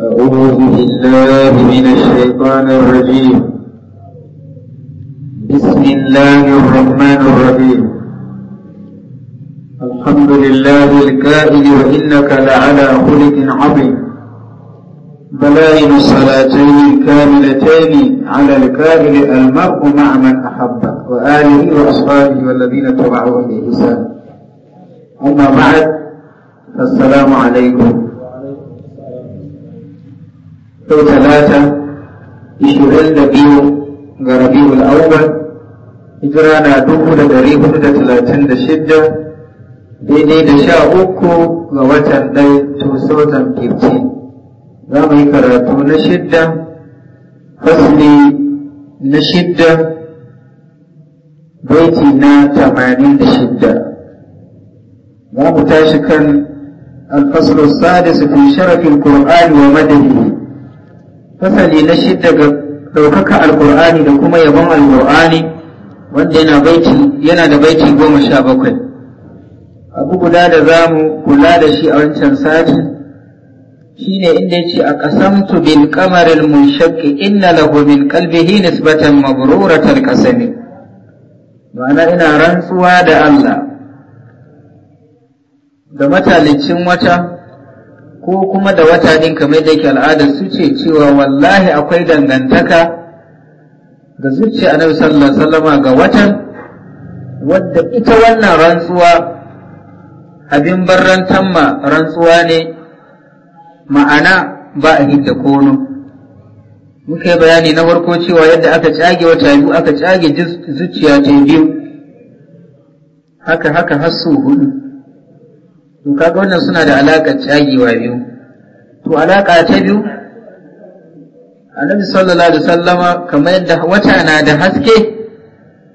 أعوذ بالله من الشيطان الرجيم بسم الله الرحمن الرحيم الحمد لله الكائن وإنك لعلى خلق عظيم بلائن الصلاتين الكاملتين على الكائن المرء مع من أحبه وآله وأصحابه والذين تبعوه بإحسان أما بعد فالسلام عليكم yau talata ishirin da biyu ga rabiul awwal hijira na dubu da dari hudu da talatin da shidda daidai da sha uku ga watan ɗai 2015 za mu yi karatu na shidda na shidda baiti na tamanin da shidda za tashi kan الفصل السادس في شرف القرآن ومدده fasali na shidda ga ɗaukaka alkur'ani da kuma yabon alkur'ani wanda yana baiti yana da baiti goma sha bakwai abu guda da za mu kula da shi a wancan sati shine inda yace a ƙasamtu bil kamaril mushaqqi inna lahu min qalbihi nisbatan mabruratal qasami ma'ana ina rantsuwa da Allah da matalicin wata ko kuma da wata din kamar da yake al'ada su ce cewa wallahi akwai dangantaka da zuciya annabi sallallahu alaihi wasallam ga watan wadda ita wannan rantsuwa abin barrantan ma rantsuwa ne ma'ana ba a hidda kono muka yi bayani na farko cewa yadda aka cage wata biyu aka cage zuciya ta biyu haka haka har su hudu to kaga wannan suna da alaƙar cagewa biyu to alaƙa ta biyu annabi sallallahu alaihi sallama kamar yadda wata na da haske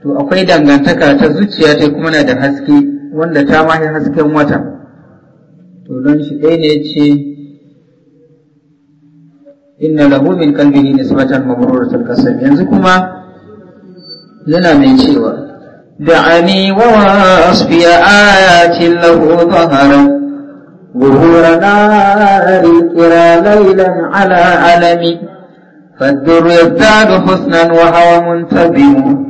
to akwai dangantaka ta zuciya ta kuma na da haske wanda ta mahi hasken wata to don shi ɗaya ne ce inna lahu min qalbihi nisbatan mabruratul qasam yanzu kuma yana mai cewa دعني ووصفي آيات له ظهرا ظهور نار الكرى ليلا على علمي فالدر يزداد حسنا وهو منتظم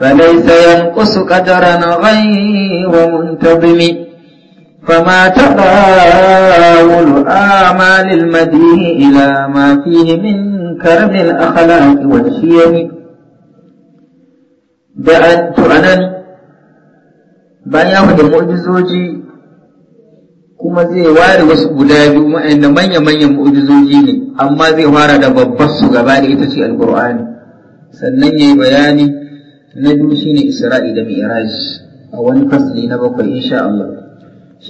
فليس ينقص قدرا غير منتظم فما تفاول آمال المديح إلى ما فيه من كرم الأخلاق والشيم da to bayan da mu'ujizoji kuma zai ware wasu guda biyu ma'ana manya-manyan mu'ujizoji ne amma zai fara da babbar su gaba da ita ce alkur'ani sannan ya yi bayani na biyu ne isra'i da mi'raj a wani fasli na bakwai insha Allah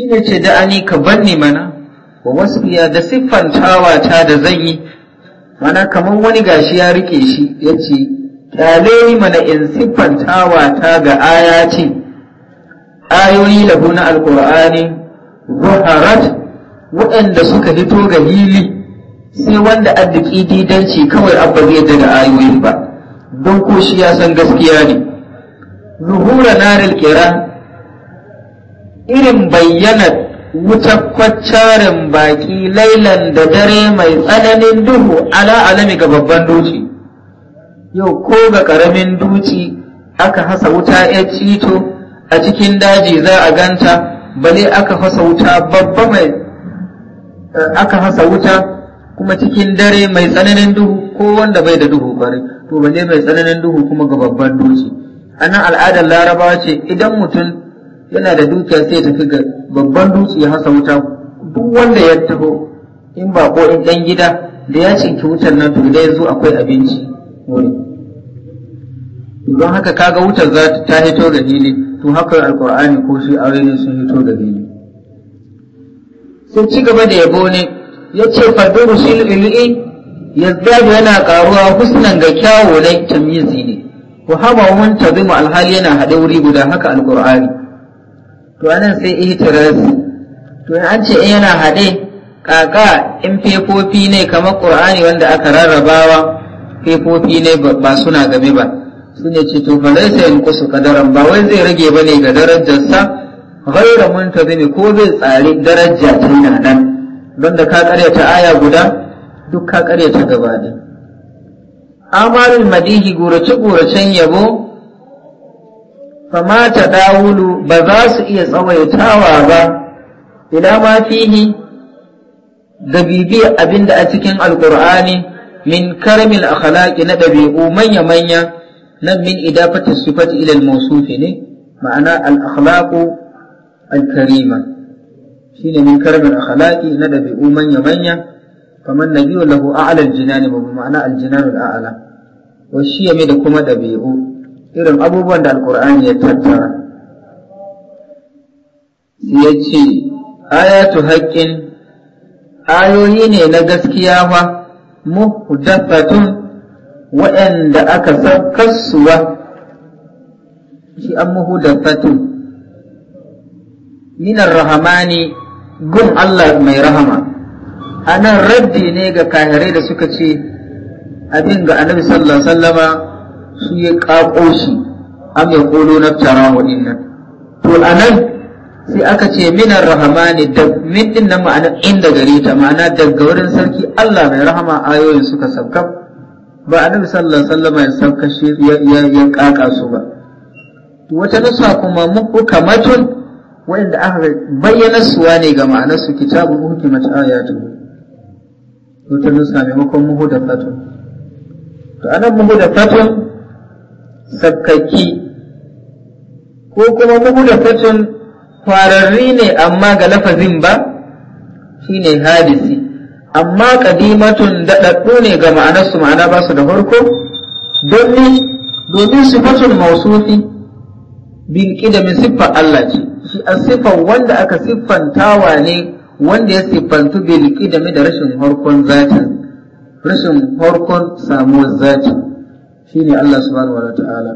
ne ce da ka banni mana wa biya da siffantawa ta da zan yi mana kamar wani gashi ya rike shi ya ce kyale mana in siffantawa ta ga ayati ayoyi lahu na alkur'ani zuharat waɗanda suka hito ga hili sai wanda arziki didanci kawai abba zai daga ayoyin ba don ko shi ya san gaskiya ne zuhura naril kira irin bayyana wuta kwaccarin baki lailan da dare mai tsananin duhu ala alami ga babban doci yau ko ga ƙaramin duci aka hasa wuta ya cito a cikin daji za a ganta bale aka hasa wuta babba mai aka hasa wuta kuma cikin dare mai tsananin duhu ko wanda bai da duhu bare to bale mai tsananin duhu kuma ga babban duci anan al'adar larabawa ce idan mutum yana da dukiya sai ya tafi ga babban dutse ya hasa wuta duk wanda ya taho in ba ko in dan gida da ya cinki wutar nan to idan ya zo akwai abinci don haka kaga wutar za ta hito da hili to haka alkur'ani ko shi aure ne sun hito da hili sun ci gaba da yabo ne ya ce faduru shi il'i yazdadu yana karuwa husnan ga kyawo na tamizi ne ko haba wani tazimu alhali yana haɗe wuri guda haka alkur'ani to anan sai tarasi to an ce yana haɗe kaka in fefofi ne kamar ƙur'ani wanda aka rarrabawa kaifofi ne ba suna game ba su ne ce to zai sayan kusa kadaran ba wai zai rage bane ga darajarsa ghaira muntazimi ko zai tsare daraja tana nan don da ka karyata aya guda duk ka karyata gaba ne amalul madihi gurace guracen yabo fama ta dawulu ba za su iya tsawaitawa ba ila ma fihi da bibiyar abinda a cikin alkur'ani min karamil akhlaqi na dabi'u manya manya na min idafati sifati ila al-mawsuf ne ma'ana al-akhlaqu al-karima shine min karamil akhlaqi na dabi'u manya manya kamar nabiyyu lahu a'la al-jinani ba ma'ana al-jinanu al-a'la wa shi yame da kuma dabi'u irin abubuwan da alqur'ani ya tattara yace ayatu haqqin ayoyi ne na gaskiya fa muhdathatun waɗanda aka sakkasuwa shi an muhdathatun min rahamani gun Allah mai rahama a nan raddi ne ga kahirai da suka ce abin ga annabi sallallahu alaihi wasallama shi ya ƙaƙo shi am ya ƙolo na tara waɗannan to anan sai aka ce minar ne da min din nan ma'ana inda gari ta ma'ana daga wurin sarki Allah mai rahama ayoyin suka sauka ba annabi sallallahu alaihi wasallam ya sabka shi ya kaka su ba wata nasa kuma mukamatun wanda aka bayyana suwa ne ga ma'anar su kitabu hukimat ayatu wata nasa maimakon fatun to anan fatun sakkaki ko kuma da fatun fararri ne amma ga lafazin ba shine hadisi amma kadimatun daɗaɗɗu ne ga ma'anarsu ma'ana ba su da farko domin domin sifatul mausufi bin kidamin siffar Allah ce shi a siffar wanda aka siffantawa ne wanda ya siffantu bil kidami da rashin harkon zatin rashin harkon samuwar zatin shine Allah subhanahu wa ta'ala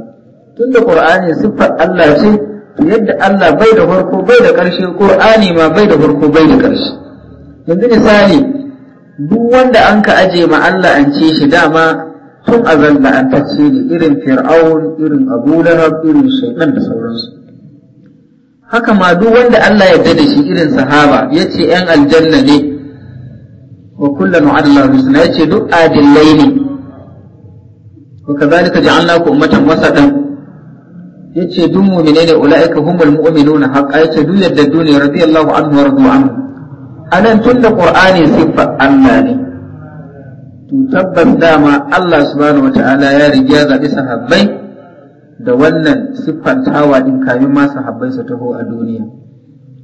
tunda ne siffar Allah ce yadda Allah bai da farko bai da ƙarshe Qur'ani ma bai da farko bai da ƙarshe yanzu misali duk wanda an ka aje ma Allah an ce shi dama tun azal tace ne irin fir'aun irin abu lahab irin shaitan da sauransu haka ma duk wanda Allah ya da shi irin sahaba ya ce ‘yan aljanna ne wa kullum Allah husna ya ce duk adillai ne wa kazalika ja'alnaku ummatan wasaɗan yace duk mu'mine ne ulaika humul mu'minuna haqqa yace duk yadda duniya radiyallahu anhu wa radu anhu anan tun da qur'ani siffa Allah ne to tabbas dama Allah subhanahu ya riga zabi sahabbai da wannan siffantawa din kamin ma sahabbai su taho a duniya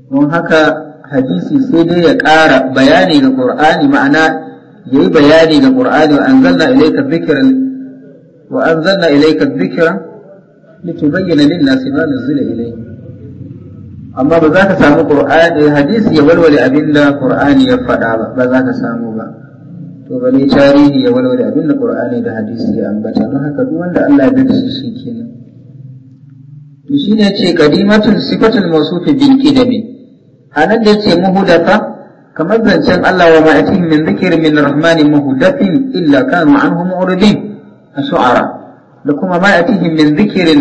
don haka hadisi sai dai ya ƙara bayani ga qur'ani ma'ana yayi bayani ga qur'ani wa anzalna ilayka dhikra wa anzalna ilayka dhikra litubayyana lin nasi ma nuzila ilayhi amma ba za ka samu qur'ani hadisi ya walwale abinda qur'ani ya faɗa ba ba za ka samu ba to tarihi ya walwale abinda da hadisi ya ambata wanda Allah bi shine ce qadimatun sifatul mawsuf bil qidami anan da yace muhdatha kamar zancen Allah wa ma'atihim min zikir min rahmani muhdathin illa kanu anhu mu'ridin a shu'ara da kuma ma yatihim min dhikrin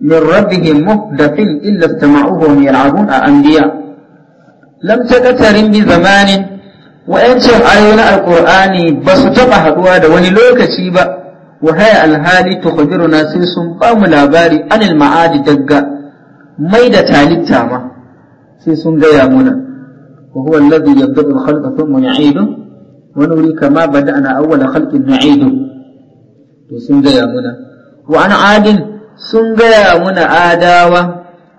min rabbihim muhdathin illa istama'uhu wa yal'abun a anbiya lam taqtarin bi zamanin wa'ancin ayoyi na alqur'ani ba su taba haduwa da wani lokaci ba wa haya alhali tukhbiruna sai sun ba mu labari anil ma'adi dagga mai da talitta ma sai sun gaya muna wa huwa alladhi yabda'u al-khalqa thumma yu'idu wa nuri kama bada'na awwala to sun gaya muna wa an adin sun gaya muna adawa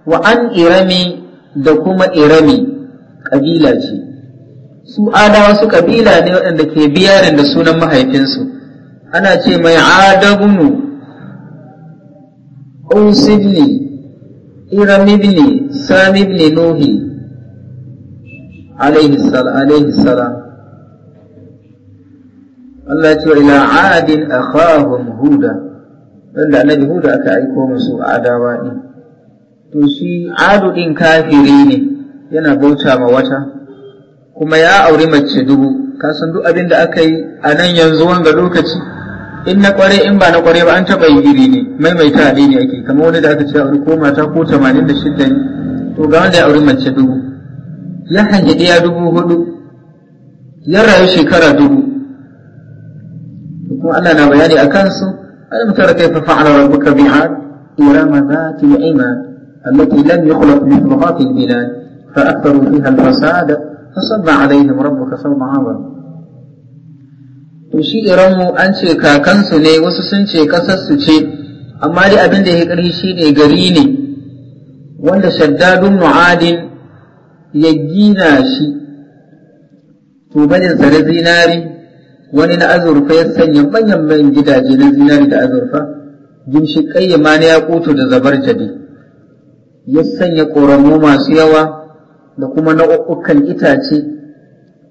wa an irami da kuma irami kabila ce su adawa su kabila ne waɗanda ke biyarin da sunan mahaifinsu ana ce mai adabunu usibni iram samibni sami nuhi alaihi salam Allah ya ce ila adin akhahum huda wanda annabi huda aka aiko musu adawa din to shi adu din kafiri ne yana bauta ma wata kuma ya auri mace dubu ka san duk abin da aka yi a nan yanzu wanga lokaci in na kware in ba na kware ba an taba yi iri ne maimaita ne ne ake kamar wani da aka ce auri ko mata ko 86 ne to ga wanda ya auri mace dubu ya hanyi iya dubu hudu ya rayu shekara dubu kuma Allah na bayani a kansu alam tara kayfa fa'ala rabbuka bi'ad irama dhati al-imad allati lam yukhlaq mithluha fil bilad fa aktharu fiha al-fasad fa sabba alaihim rabbuka sawma 'adab to shi iramu an ce kakansu ne wasu sun ce kasar su ce amma dai abin da ya ƙarfi shine gari ne wanda shaddadun mu'adin ya gina shi to bane tsare zinari wani na azurfa ya sanya manyan manyan gidaje na zinari da azurfa gimshi kayyama na yakutu da zabar zabarjadi ya sanya ƙoramu masu yawa da kuma nau'ukan itace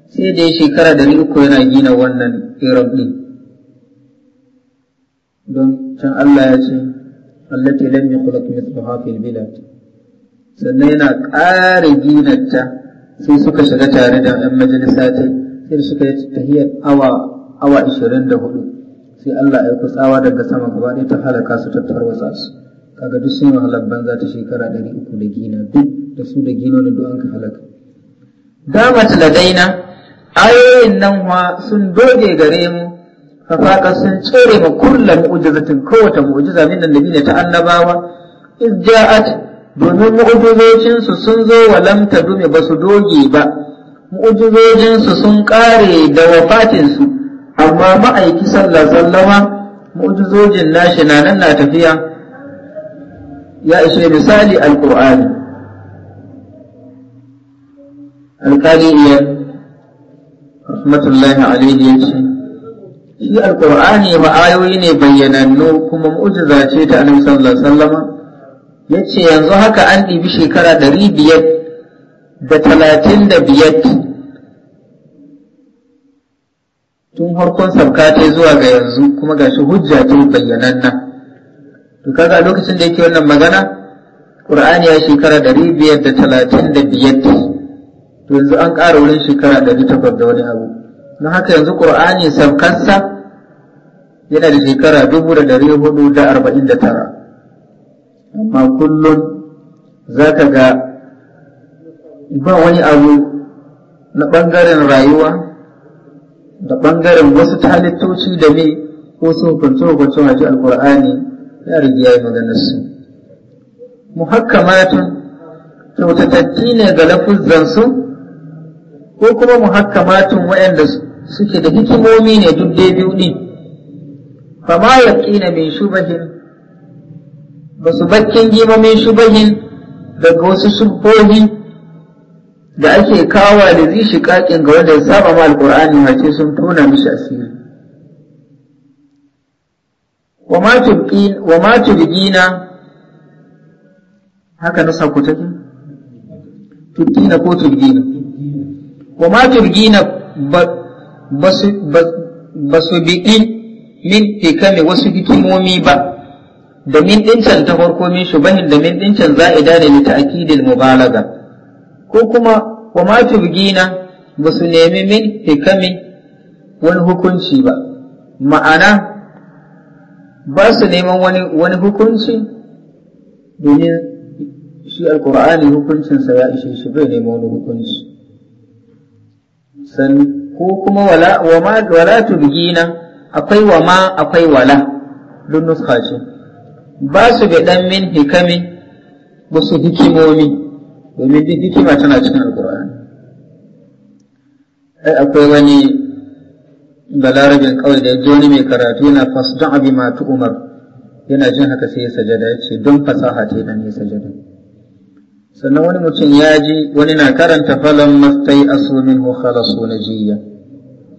sai da ya shekara da uku yana gina wannan irin ɗin don can Allah ya ce allati lam yukhlaq mithluha fil bilad sannan yana ƙara gina ta sai suka shiga tare da 'yan majalisa sai da suka yi tahiyar awa awa 24 sai Allah ya ku tsawa daga sama gaba ɗaya ta halaka su ta tarwasa su kaga duk sun wahalar banza ta shekara 300 da gina duk da su da gino da duk an ka halaka Dama ladaina ayoyin nan wa sun doge gare mu fafaka sun tsere ma kullum mu'jizatin kowata mu'jiza min annabiyina ta annabawa iz ja'at domin mu'jizocin su sun zo wa lamta dume ba su doge ba mu'ujizojinsu sun ƙare da wafatinsu amma ma'aiki sallar sallama mu'ujizojin nashi na nan na tafiya ya ishe misali alƙur'ani alƙali iya rahmatullahi alaihi ya ce shi alƙur'ani ma'ayoyi ne bayyanannu kuma mu'ujiza ce ta annabi sallallahu alaihi ya ce yanzu haka an ɗibi shekara ɗari biyar da talatin da biyar tun harkon sabka ta zuwa ga yanzu kuma shi hujja ta bayyanan nan to kaga lokacin da yake wannan magana Qur'ani ya shekara ɗari biyar da talatin da biyar to yanzu an ƙara wurin shekara ɗari takwas da wani abu don haka yanzu Qur'ani sabkarsa yana da shekara dubu da ɗari hudu da arba'in da tara amma kullum za ka ga ba wani abu na ɓangaren rayuwa da ɓangaren wasu talittoci da ne ko su hukunce hukunce haji alkur'ani ya rigi ya yi maganar su muhakkamatun kyautatatti ne ga lafuzzansu ko kuma mu matan waɗanda suke da hikimomi ne duk dai biyu ne ma ya ƙina mai shubahin ba su bakin gima mai shubahin daga wasu shubohi da ake kawa da zai kakin ga wanda saba ma alƙur'ani wace sun tona mishi asiri wa ma tubqina haka na sako take tubqina ko tubqina wa ma tubqina ba su biɗin min mai wasu hikimomi ba da min ɗincan ta farko min shubahin da min ɗincan za'ida ne li ta'kidil mubalaga ko kuma wa ma tubgina ba su nemi min hikamin wani hukunci ba ma'ana ba su neman wani wani hukunci domin shi alkur'ani hukuncinsa ya ishe shi bai neman wani hukunci san ko kuma wala wa ma wala tubgina akwai wa ma akwai wala dun nuska ce ba su ga dan min hikamin ba su hikimomi domin duk hikima tana cikin alkur'ani ai akwai wani balarabin kawai da ji wani mai karatu yana fasdon abi matu umar yana jin haka sai ya sajada ya ce don fasaha ce dan ya sajada sannan wani mutum ya ji wani na karanta falon mastai asumin minhu na najiya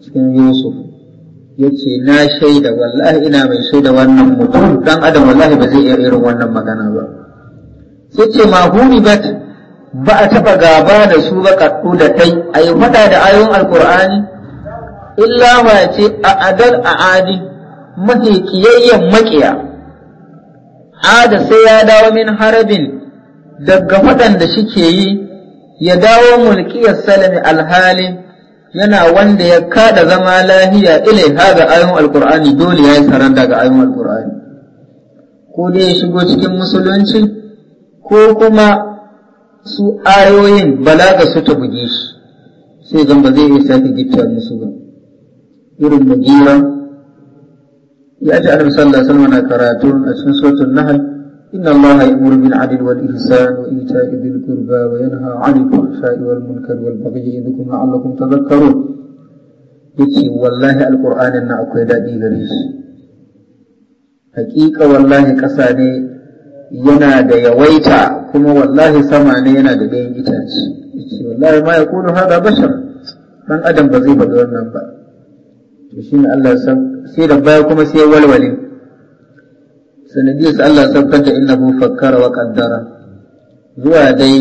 cikin yusuf ya ce na shaida wallahi ina mai shaida wannan mutum dan adam wallahi ba zai iya irin wannan magana ba sai ce ma huni bat ba a taɓa gaba da su ba kaɗu da kai a yi faɗa da ayoyin alkur'ani illa ma ce a adal a adi mafi kiyayyen maƙiya ada sai ya dawo min harabin daga faɗan da shike yi ya dawo mulkiyar salami alhalin yana wanda ya kada zama lahiya ila ha ga ayoyin alkur'ani dole ya yi saranda ga ayoyin alkur'ani ko dai ya shigo cikin musulunci ko kuma su ayoyin balaga su ta buge shi sai zan ba zai iya sake gitta musu ba irin mugira ya ji annabi sallallahu alaihi na karatu a cikin suratul Nahal. inna allaha ya'muru bil adli wal ihsan wa ita'i dhil qurba wa yanha 'anil fahsha'i wal munkari wal bagyi yadhukum la'allakum tadhakkarun yace wallahi alqur'anin na akwai dadi gare shi hakika wallahi kasa ne yana da yawaita kuma wallahi sama ne yana da ɗayan itace yace wallahi ma yakunu hada bashar dan adam ba zai faɗi wannan ba to shine Allah sai da baya kuma sai walwale sanadiyar Allah saukar da innahu fakkara wa qaddara zuwa dai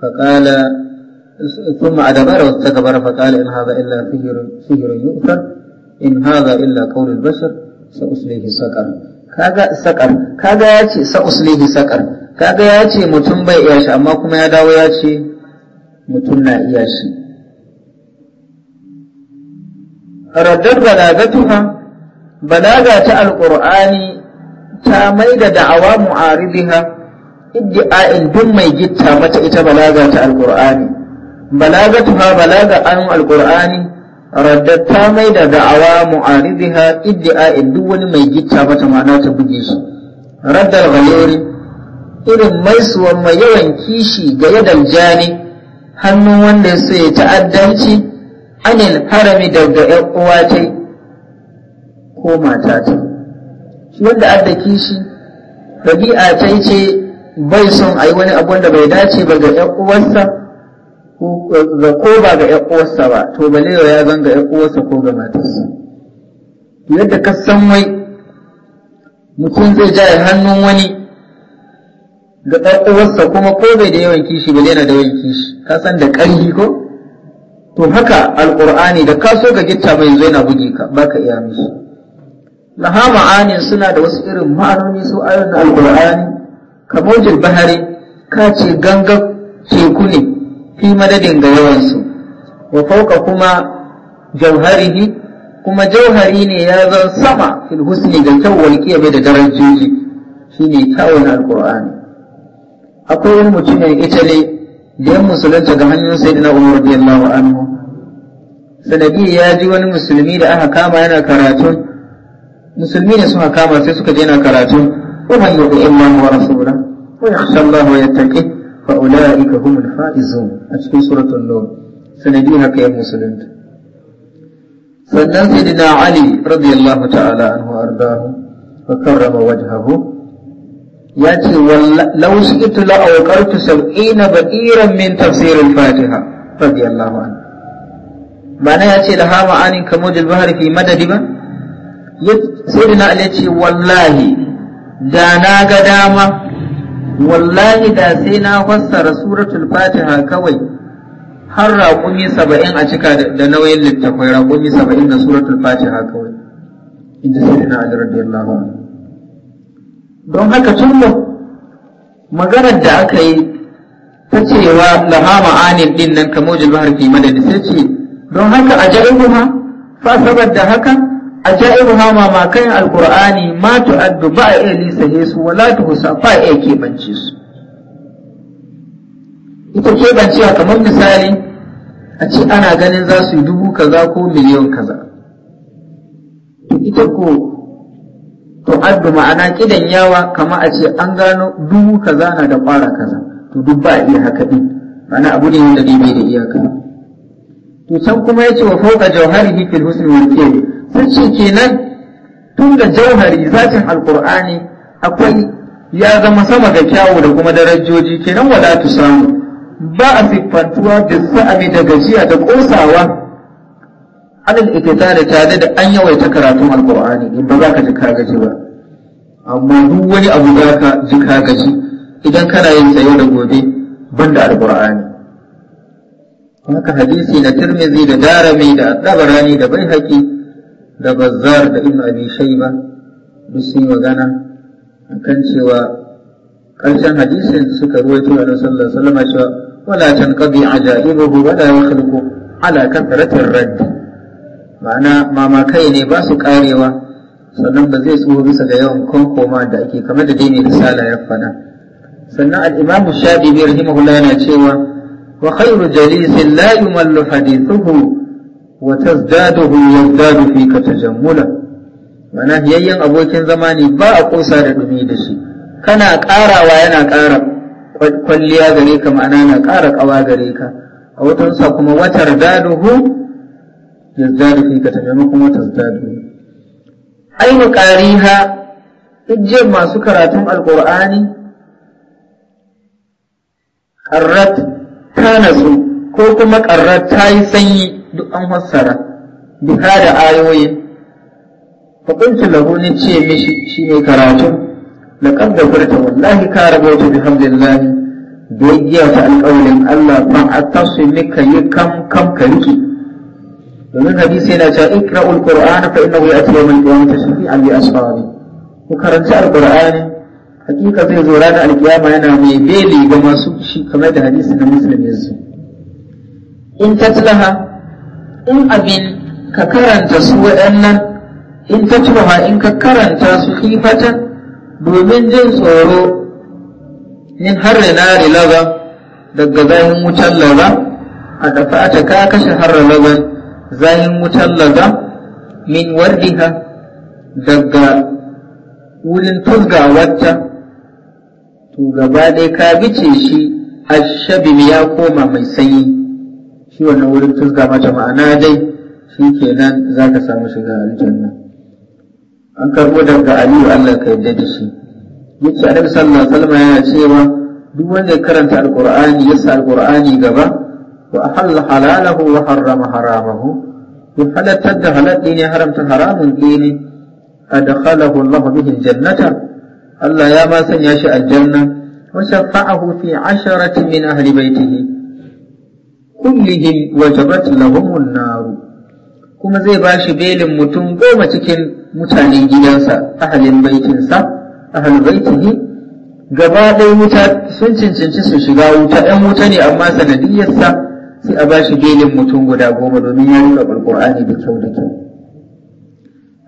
faqala ثم أدبر واستكبر فقال إن هذا إلا سحر سحر يؤثر إن هذا إلا قول البشر سأصليه سقر كذا سقر كذا يأتي سأصليه سقر kaga ya ce mutum bai iya shi amma kuma ya dawo ya ce mutum na iya shi raddar balagatuha balaga ta alqur'ani ta mai da da'awa mu'aribiha iddi'a'in duk mai gitta mata ita balaga ta alqur'ani balagatuha balaga an alqur'ani raddar ta mai da da'awa mu'aribiha iddi'a'in duk wani mai gitta mata ma'ana ta buge shi raddar ghaliri irin maisuwan mai yawan kishi ga yadan jani hannun wanda ya ya ta'addanci anil harami daga ‘yan uwa ta ko mata ta shi wanda adda kishi ɗabi'a ta ce bai son a yi wani abun da bai dace ba ga ‘yan uwarsa ko ba ga ‘yan uwarsa ba to balewa ya zan ga ‘yan uwarsa ko ga matarsa yadda ka san wai mutum zai jaye hannun wani ga ɗan'uwarsa kuma ko bai da yawan kishi ba yana da yawan kishi ka san da ƙarfi ko to haka alƙur'ani da ka so ka gitta mai yanzu yana buge ka ba ka iya mishi laha ma'ani suna da wasu irin ma'anoni su ayon na alƙur'ani kamar bahari ka ce ganga teku ne fi madadin ga yawansu wa fauka kuma jauharihi kuma jauhari ne ya zan sama fil husni ga kyau walƙiya bai da darajoji shine kyawun alƙur'ani akwai wani ita ne da ya musulunta ga hannun Sayyidina Umar radiyallahu anhu sanadi ya ji wani musulmi da aka kama yana karatu musulmi ne suka kama sai suka je yana karatu wa man yuti Allah wa rasula wa yakhsha Allah wa yattaqi fa ulaika humul faizun a cikin suratul nur sanadi haka ya musulunta sannan Sayyidina Ali radiyallahu ta'ala anhu ardahu wa karrama wajhahu ya ce lausu ita itu la auqartu sab'ina ba'iran min tafsir al-fatiha radiyallahu anhu mana ya ce da ha ma'anin kamudul bahri fi madadi ba sai na ce wallahi da na ga dama wallahi da sai na fassara suratul fatiha kawai har raƙumi saba'in a cika da nauyin littafai raƙumi saba'in na suratul fatiha kawai inda sai na ali radiyallahu anhu don haka tun maganar da aka yi ta cewa laha ma'anin din nan kamo jilbahar fi madadi sai ce don haka a ja'ibuha fa saboda haka a ja'ibuha ma makayin alkur'ani ma tu'addu ba a iya ne su wala tuhusa husa a iya keɓance su ita keɓancewa kamar misali a ce ana ganin za su yi dubu kaza ko miliyon kaza ita ko to addu ma'ana kidan yawa kama a ce an gano dubu kaza na da ƙwara kaza to duk ba iya haka din ma'ana abu ne wanda dai bai da iyaka to san kuma yace wa fawqa jawharihi fil husn wal qiyam sai ce kenan tun da jauhari zatin alqur'ani akwai ya zama sama ga kyawu da kuma darajoji kenan wala tusamu? ba a siffantuwa da sa'ami da gajiya da kosawa alal da tare da an yawaita karatun alqur'ani in ba za ka ji ka ba amma duk wani abu za ka ji ka gaji idan kana yin sayo da gobe banda alqur'ani haka hadisi na tirmizi da darami da tabarani da baihaqi da bazzar da ibnu abi shayba duk sun magana akan cewa ƙarshen hadisin suka ruwaito da sallallahu alaihi wasallam cewa wala tanqadi ajaibuhu wala yakhluqu ala kathratir radd ma'ana mamakai ne ba su karewa sannan ba zai tsoho bisa ga yawan kankoma da ake kamar da dai risala ya fada sannan al-imam shadibi rahimahullah yana cewa wa khairu jalisin la yumallu hadithuhu wa tazdaduhu yazdadu fi katajammula ma'ana yayyan abokin zama ne ba a kosa da dumi da shi kana karawa yana kara kwalliya gare ka ma'ana na kara kawa gare ka a wutansa kuma watar daduhu yazdadu fi ka tafi kuma tazdadu ainu qariha hujjar masu karatun alqur'ani qarrat ta nasu ko kuma qarrat ta yi sanyi duk an fassara duka da ayoyi fa kuntu lahu ni ce mishi shi ne karatu laqad dabarta wallahi ka rabauta bihamdillahi ya ta alƙawarin Allah ban a tasu mika yi kam kam ka rike domin hadisi yana cewa ikra'ul qur'ana fa innahu ya'ti yawmal qiyamati shafi'an li ashabi ku karanta al-qur'ani hakika zai zo ranar al-qiyama yana mai beli ga masu shi kamar da hadisi na muslim yanzu in tatlaha in abin ka karanta su waɗannan in tatlaha in ka karanta su hifatan domin jin tsoro min har na rilaba daga zahin wutar laba, a dafa ta ka kashe har lazan zayin wutar laza min wardiha daga wulin wata. to gaba ɗaya ka bice shi ashabim ya koma mai sanyi shi wannan wurin tuzga mata ma'ana dai shi kenan za ka samu shiga aljanna an karɓo daga aliyu allah ka yadda da shi yace annabi sallallahu alaihi wasallam yana cewa duk wanda ya karanta alqur'ani ya sa alqur'ani gaba wa ahalla halalahu wa harrama haramahu ya halattar da halatti ne haramta haramun ne adkhalahu Allah bihi jannata. Allah ya ma sanya shi aljanna wa shafa'ahu fi asharati min ahli baitihi kullihim wajabat lahumun nar kuma zai bashi belin mutum goma cikin mutane gidansa ahalin baitinsa ahli baitihi gaba ɗaya wuta sun cincinci su shiga wuta 'Yan wuta ne amma sanadiyyarsa sai a ba shi belin mutum guda goma domin ya rura alkur'ani da kyau da kyau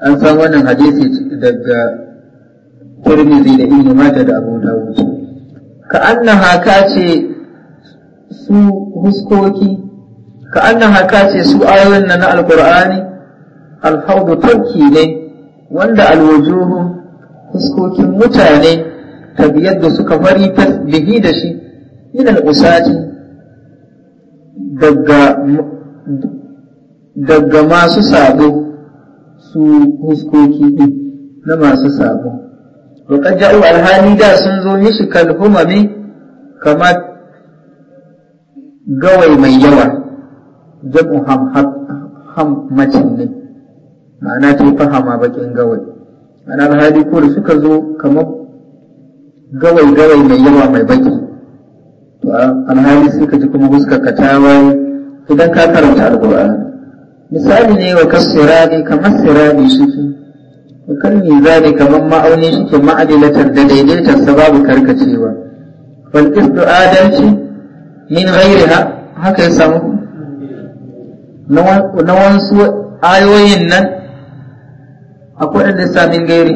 an san wannan hadisi daga Tirmidhi da Ibn Majah da Abu Dawud ka annaha haka ce su huskoki ka haka ce su ayoyin nan na alkur'ani alhawdu tarki ne wanda alwujuhu huskokin mutane tabiyar da suka fari bihi da shi min al daga masu sabo su huskoki ɗin na masu sabo wa ja'u alhali da sun zo mishi kalhumami kamar gawai mai yawa jam'u hammacin ne ma'ana ta yi fahama bakin gawai ana alhali ko da suka zo kamar gawai-gawai mai yawa mai baki alhali sai ka ji kuma fuskar ka ta waye idan ka karanta alqur'ani misali ne wa kasirani kamar sirani shiki wa kalmi zani kamar ma'auni shike ma'adilatar da daidaitar sa babu karkacewa wal qistu adalci min ghairiha haka ya samu na wasu ayoyin nan akwai da sa min gairi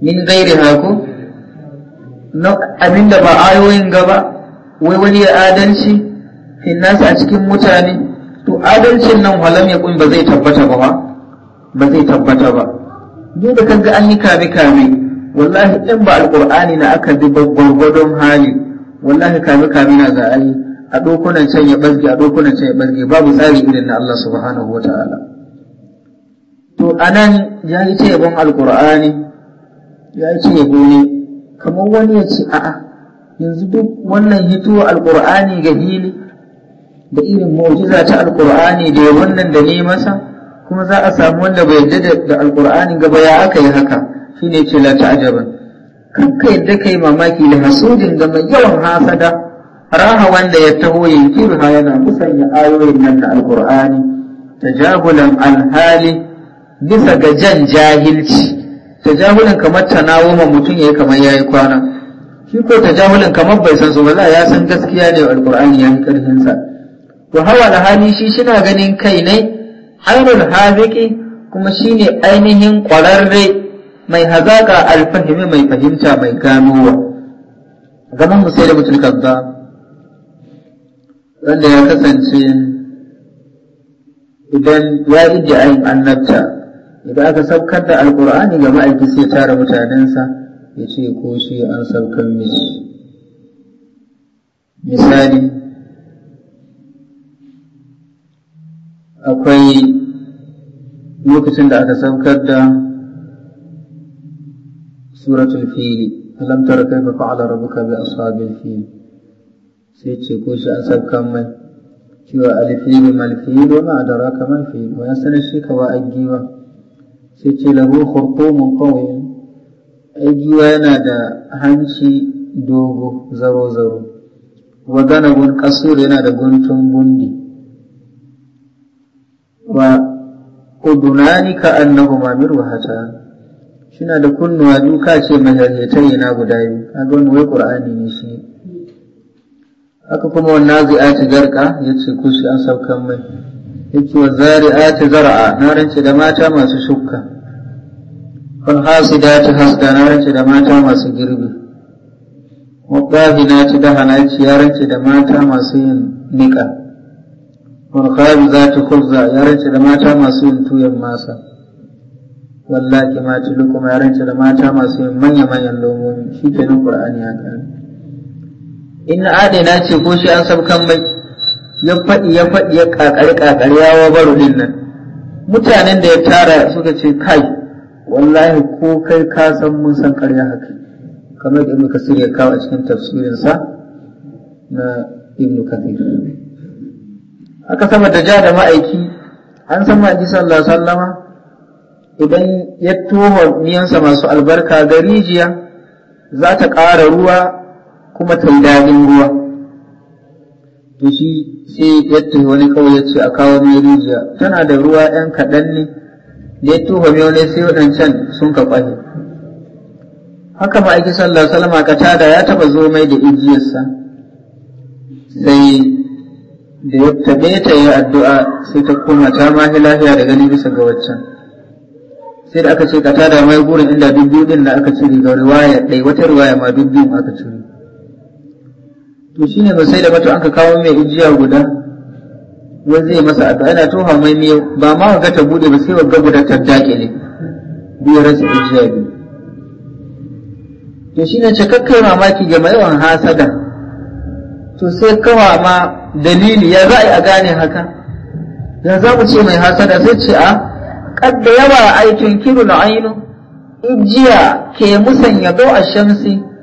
min gairi haku na da ba ayoyin gaba wai wani ya adalci finnasa a cikin mutane to adalcin nan walam ya ba zai tabbata ba ba zai tabbata ba ni da kaga an yi kame kame wallahi in ba alqur'ani na aka bi gwargwadon hali wallahi kame kame na za a yi a dokunan can ya bazge a dokunan can ya bazge babu tsari irin na Allah subhanahu wa ta'ala to anan ya yi ce yabon alqur'ani ya yi ce yabo ne kamar wani ya ce a'a yanzu duk wannan hito alkur'ani ga hili da irin mu'jiza ta alkur'ani da wannan da ne masa kuma za a samu wanda bai yadda da alkur'ani gaba ya aka yi haka shine ce la kan ka yadda kai mamaki da hasudin da mai yawan hasada raha wanda ya taho yin kirha yana ya ayoyin nan na alkur'ani tajabulan alhali bisa ga jan jahilci tajahulin kamar ta ma mutum yayi kamar yayi kwana shi ko tajahulin kamar bai san su ba ya san gaskiya ne alqur'ani ya karfin sa to hawa da hali shi shina ganin kai ne ainul haziki kuma shine ainihin kwararre mai hazaka alfahimi mai fahimta mai ganowa zaman sai da mutum kadda wanda ya kasance idan ya yi da annabta idan aka saukar da alkur'ani ga ma'aiki sai tara mutanensa ya ce ko shi an saukan mishi misali akwai lokacin da aka saukar da suratul fili alam tara kaifa fa'ala rabbuka bi ashabil fili sai ce ko shi an saukan mai cewa alfili malfili ma adraka man fili wa ya sanar shi ka wa agiwa sai ce lahu khurtumun qawiy ai yana da hanci dogo zaro zaro wa ganabun qasur yana da guntun gundi. wa udunani ka annahuma mirwahatan suna da kunnuwa duka ce majalitai na guda biyu kaga wani wai qur'ani ne shi haka kuma wannan zai garka yace kushi an saukan mai yake wa zari'ati zar'a na rance da mata masu shukka wal hasidati hasda na rance da mata masu girbi na qafinati da hanaci ya rance da mata masu yin niƙa wal khabizati khubza ya rance da mata masu yin tuyan masa wallaki ma kuma ya rance da mata masu yin manya-manyan lomomi shi kenan qur'ani ya kare in adina ce ko shi an sabkan mai ya faɗi ya faɗi ya ƙaƙari ƙaƙari ya baro din nan mutanen da ya tara suka ce kai wallahi ko kai ka san mun san ƙarya haka kamar da ibnu kasir ya kawo a cikin tafsirinsa na ibnu kasir aka sama da ja da ma'aiki an san ma'aiki sallallahu alaihi wasallama idan ya tuho miyansa masu albarka ga rijiya za ta ƙara ruwa kuma ta yi daɗin ruwa to shi sai ya tuhi wani kawai ya ce a kawo mai rijiya tana da ruwa yan kaɗan ne da ya tuho mai wani sai waɗancan sun ka ƙwahe haka ma aiki sallar salama ka tada ya taɓa zo mai da ijiyarsa sai da ya taɓe ta yi addu'a sai ta koma ta mahi lafiya da gani bisa ga waccan sai da aka ce ka tada mai gurin inda dubbiyu ɗin da aka cire ga riwaya ɗai wata riwaya ma dubbiyun aka cire to shine ba sai da mato an ka kawo mai ujiya guda wai zai masa addu'a yana ha mai miyau ba ma ga ta bude ba sai ga guda ta ne. biyu rasa ujiya biyu to shine cikakken mamaki ga mai yawan hasada to sai kawa ma dalili ya za a gane haka ya za mu ce mai hasada sai ce ah, a kadda yawa aikin kiru na ainu ijiya ke musanya do a shamsi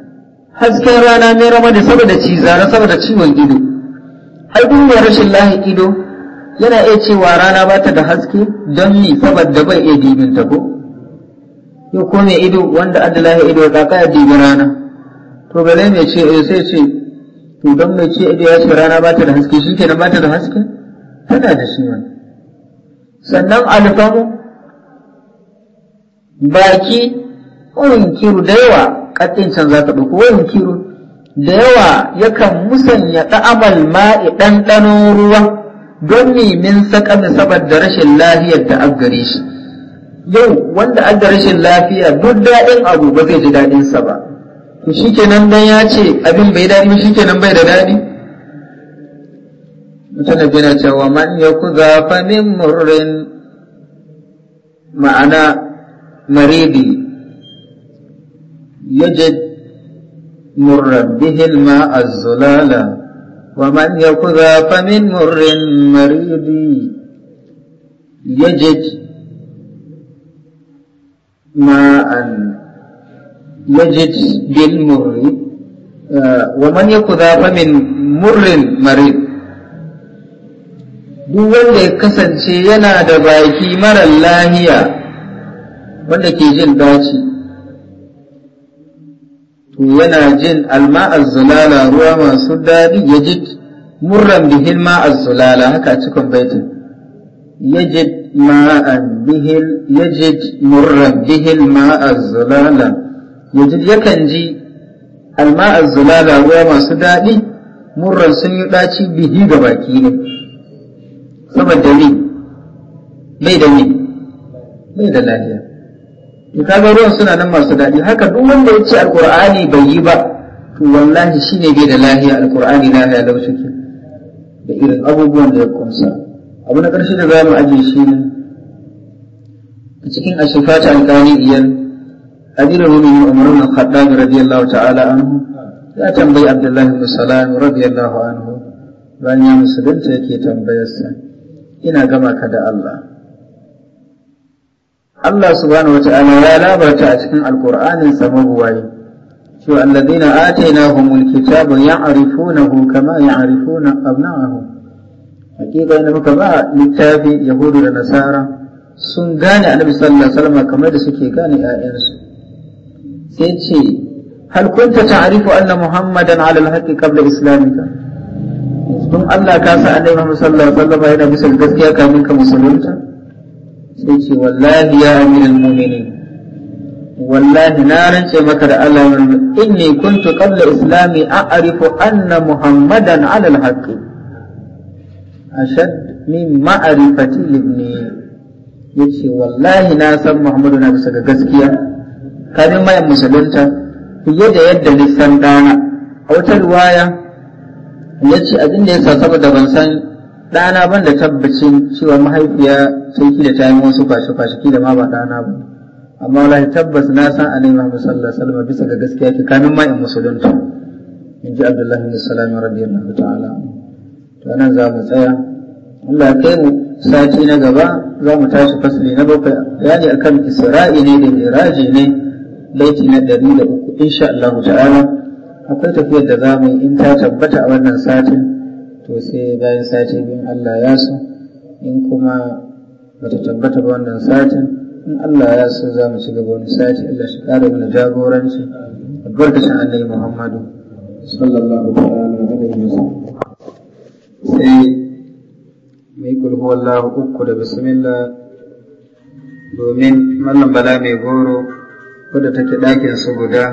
hasken rana mai rama da saboda cizara saboda ciwon ido ai duk rashin lahi ido yana iya cewa rana ba ta da haske don ni saboda bai iya dibin ta ko ya kome ido wanda ya ido da ka dibi rana to bale mai ce eh sai ce to don mai ce ido ya ce rana ba ta da haske shi kenan ba ta da haske tana da shi wani sannan alfamu baki unkiru da yawa ƙaƙƙin can za ta ɗauko wa yunkiru da yawa yakan musanya ɗa'amal ma'i ɗanɗanon ruwa don nemin sabar saboda rashin lafiyar da aggare shi yau wanda adda rashin lafiya duk daɗin abu ba zai ji daɗinsa ba to shikenan dan ya ce abin bai daɗi shikenan bai da daɗi mutum yana cewa man ya ku min murrin ma'ana maridi يجد مر به الماء الزلالا ومن يكذا فمن مر مريض يجد ماء يجد بالمر ومن يكذا فمن مر مريض duk wanda ya kasance yana da baki marar lahiya wanda ke jin daci yana jin alma azzulala ruwa masu daɗi yajid murran bihil ma azzulala haka cikin baitin yajid ma'an bihil yajid murran bihil ma azzulala yajid yakan ji alma azzulala ruwa masu daɗi murran sun yi ɗaci bihi ga baki ne saboda ni bai da ni bai da lafiya to kaga ruwan suna nan masu daɗi haka duk wanda ya ce alqur'ani bai yi ba to wallahi shine bai da lahiya alqur'ani lahiya lau suke da irin abubuwan da ya kunsa abu na ƙarshe da za mu ajiye shi ne a cikin ashifata alƙani iyal amirul mu'minin umar ibn khattab radiyallahu ta'ala anhu ya tambayi abdullahi ibn salam radiyallahu anhu bayan ya musulunta yake tambayarsa ina gama ka da Allah Allah subhanahu wata'ala ya labarta a cikin alkur'anin sababu waye cewa alladhina atainahumul kitaba ya'rifunahu kama ya'rifuna abna'ahum hakika inda muka ba littafi yahudu da nasara sun gane annabi sallallahu alaihi wasallam kamar da suke gane ƴaƴansu sai ce hal kunta ta'rifu anna muhammadan ala al-haqqi qabla islamika Don Allah ka sa annabi Muhammad sallallahu alaihi wasallam yana bisa gaskiya kamin ka musulunta sai ce wallahi ya amiral mu'minin wallahi na rance maka da Allah inni kuntu qabla islami a'rifu anna muhammadan ala al-haqq ashad min ma'rifati libni yace wallahi na san muhammadu na bisa ga gaskiya kamin mai musulunta fiye da yadda ni san dana a wata riwaya yace abin da yasa saboda ban san ɗana ban da tabbacin cewa mahaifiya sai ki da ta yi wasu kwashe kwashe ki da ma ba ɗana ba amma wallahi tabbas na san a nema sallallahu alaihi bisa ga gaskiya ki kanin ma in musulunta in ji Abdullahi bin Salam radiyallahu ta'ala to nan za mu tsaya Allah kai mu sati na gaba za mu tashi fasli na bakwai yani akan Isra'i ne da Miraji ne laiti na ɗari da uku insha Allah ta'ala akwai tafiyar da za mu yi in ta tabbata a wannan satin to sai bayan sati biyun Allah ya so in kuma bata tabbata ba wannan satin in Allah ya so za mu shiga gaba wani sati Allah shi ƙara mana jagoranci shan annabi Muhammadu sallallahu alaihi wasallam sai mai kulhu Allah uku da bismillah domin mallam bala mai goro wadda take ɗakin su guda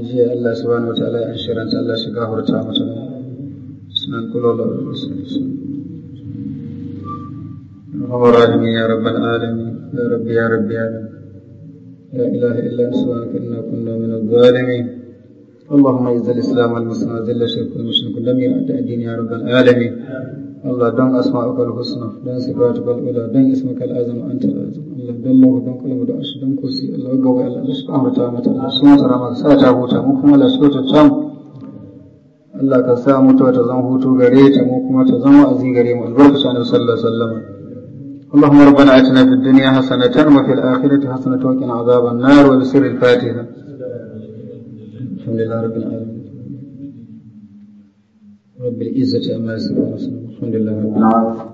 jiya Allah subhanahu wa ta'ala ya shiranta Allah shi gafarta mata حسنا كل الله غفر عالمي يا رب العالمين يا رب يا رب يا رب لا إله إلا سواك إنا كنا من الظالمين اللهم اعز الإسلام والمسلمين ذل الشرك والمشرك لم يأتى الدين يا رب العالمين الله دم أسماءك الحسنى دم صفاتك الأولى دم اسمك الأعظم أنت الأعظم الله don mu don kula mu da ashi don kosi Allah gaba Allah shi amurta mata Allah shi mata ramar sa ta huta Allah ka sa mutuwa ta zan hutu gare ta mu kuma ta zan wa'azi gare mu albarkaci annabi sallallahu alaihi wasallam اللهم ربنا اتنا في الدنيا حسنة وفي الآخرة حسنة وقنا عذاب النار وبسر الفاتحة الحمد لله رب العالمين رب العزة أما يصفون الحمد لله رب العالمين